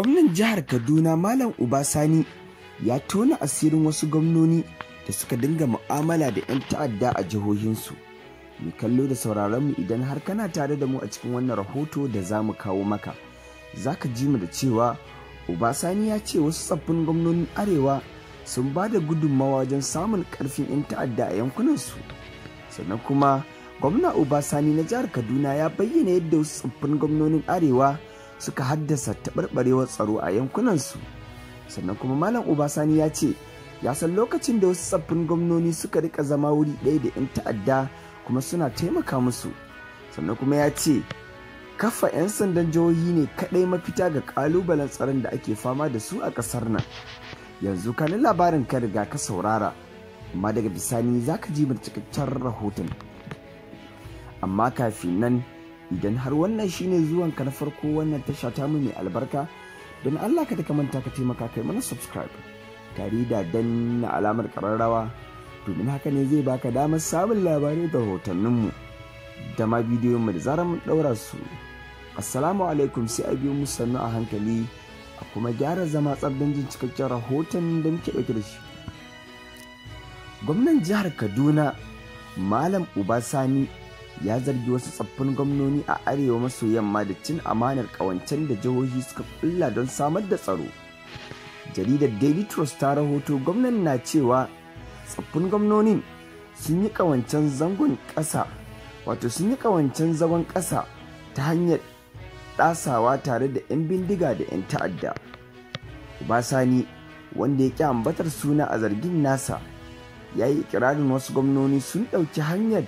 gwamnan jihar kaduna malam ubasani ya tona asirin wasu gwamnoni da suka dinga mu'amala da 'yan ta'adda a jihohinsu mu kallo da sauraron mu idan har kana tare da mu a cikin wannan rahoto da za mu kawo maka za ka ji mu da cewa ubasani ya ce wasu tsaffin gwamnonin arewa sun ba da gudunmawa wajen samun karfin 'yan ta'adda a yankunansu sannan kuma gwamna ubasani na jihar kaduna ya bayyana yadda wasu tsoffin gwamnonin arewa suka haddasa taɓarɓarewar tsaro a yankunansu sannan kuma malam obasani ya ce ya san lokacin da wasu tsaffin gwamnoni suka rika zama wuri ɗaya da 'yan ta'adda kuma suna taimaka musu sannan kuma ya ce kafa 'yan sandan jihohi ne kaɗai mafita ga ƙalubalen tsaron da ake fama da su a ƙasar nan yanzu kanin labarin ka riga ka saurara amma daga bisani za ka ji cikakken rahoton amma kafin nan idan har wannan shine zuwan ka na farko wannan tasha ta mu mai albarka don Allah ka manta ka taimaka kai mana subscribe tare da danna alamar kararrawa domin haka ne zai baka damar samun labarai da mu da ma bidiyon da zarar mu daura su assalamu alaikum sai a biyo mu sannu a hankali a kuma gyara zama tsabdan jin cikakken rahoton da muke dauke da shi gwamnan jihar kaduna malam uba sani ya zargi wasu tsaffin gwamnoni a arewa maso yamma da cin amanar ƙawancen da jihohi suka kulla don samar da tsaro jaridar daily trust ta rahoto gwamnan na cewa tsaffin gwamnonin sun yi ƙawancen zangon ƙasa wato sun yi ƙawancen zagon ƙasa ta hanyar ɗasawa tare da 'yan bindiga da 'yan ta'adda Basani wanda ya ƙi ambatar suna a zargin nasa ya yi ikirarin wasu gwamnoni sun ɗauki hanyar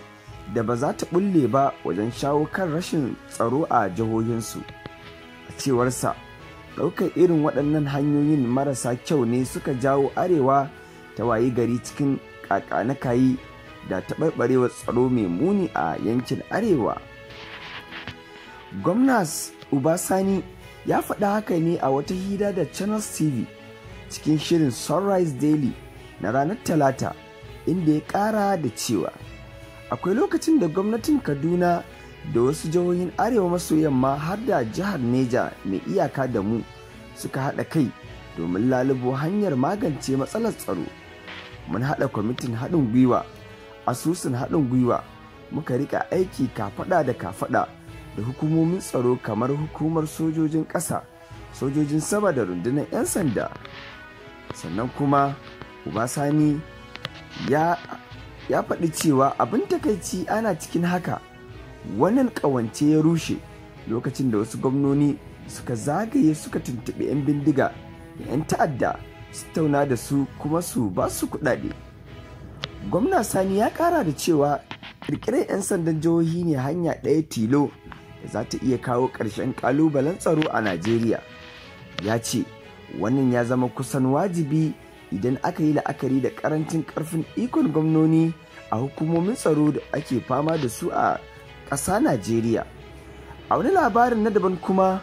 da ba za ta bulle ba wajen shawo kan rashin tsaro a jihohinsu a cewarsa ɗaukar irin waɗannan hanyoyin marasa kyau ne suka jawo arewa ta wayi gari cikin kakanakayi da taɓarɓarewar tsaro mai muni a yankin arewa gwamnas ubasani ya faɗa haka ne a wata hira da channels tv cikin shirin sunrise daily na ranar talata inda ya ƙara da cewa akwai lokacin da gwamnatin kaduna da wasu jihohin arewa maso yamma har da jihar neja mai iyaka da mu suka haɗa kai domin lalubo hanyar magance matsalar tsaro mun haɗa kwamitin haɗin gwiwa asusun haɗin gwiwa muka rika aiki kafaɗa da kafaɗa da hukumomin tsaro kamar hukumar sojojin ƙasa sojojin sama da rundunar 'yan sanda sannan kuma ubasani ya ya faɗi cewa abin takaici ana cikin haka wannan ƙawance ya rushe lokacin da wasu gwamnoni suka zagaye suka tuntuɓi 'yan bindiga da 'yan ta'adda su tauna da su kuma su ba su kuɗaɗe gwamna sani ya ƙara da cewa ƙirƙirar 'yan sandan jihohi ne hanya ɗaya tilo da za ta iya kawo ƙarshen ƙalubalen tsaro a najeriya ya ce wannan ya zama kusan wajibi idan aka yi la'akari da karancin karfin ikon gwamnoni a hukumomin tsaro da ake fama da su a ƙasa Najeriya. A wani labarin na daban kuma,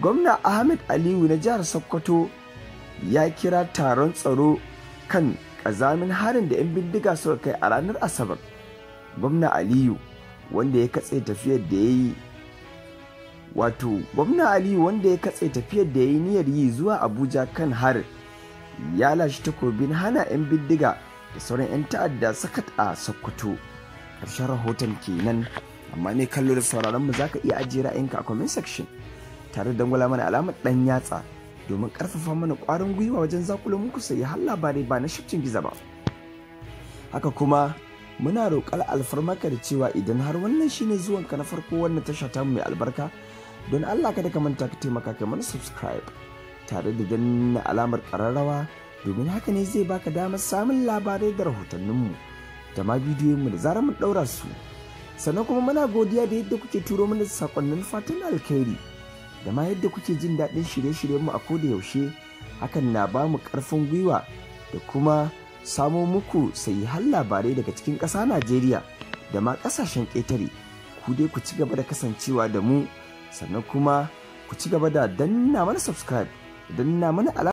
gwamna Ahmed Aliyu na jihar Sokoto ya kira taron tsaro kan ƙazamin harin da 'yan bindiga suka kai a ranar Asabar. Gwamna Aliyu wanda ya katse tafiyar da ya yi wato gwamna Aliyu wanda ya katse tafiyar da ya yi niyyar yi zuwa Abuja kan harin ya lashe takobin hana 'yan bindiga da sauran 'yan ta'adda sakat a sokoto ƙarshen rahoton ke nan. amma mai kallo da sauraron mu zaka iya ajiye ra'ayinka a comment section tare da dangwala mana alamar dan yatsa domin karfafa mana ƙwarin gwiwa wajen zakulo muku sai har labarai ba na shifcin giza ba haka kuma muna roƙar alfarmaka da cewa idan har wannan shine zuwanka na farko wannan tasha ta mu mai albarka don Allah kada ka manta ka taimaka kai mana subscribe tare da danna alamar ƙararrawa domin haka ne zai baka damar samun labarai da rahotanninmu da ma bidiyoyinmu da zarar mun ɗaura su sannan kuma muna godiya da yadda kuke turo mana sakonnin fatan alkhairi da ma yadda kuke jin daɗin shirye-shiryenmu a koda yaushe hakan na ba mu ƙarfin gwiwa da kuma samo muku har labarai daga cikin ƙasa najeriya da ma ƙasashen ƙetare ku dai ku ci gaba da kasancewa da mu sannan kuma ku ci gaba da danna mana subscribe danna mana alama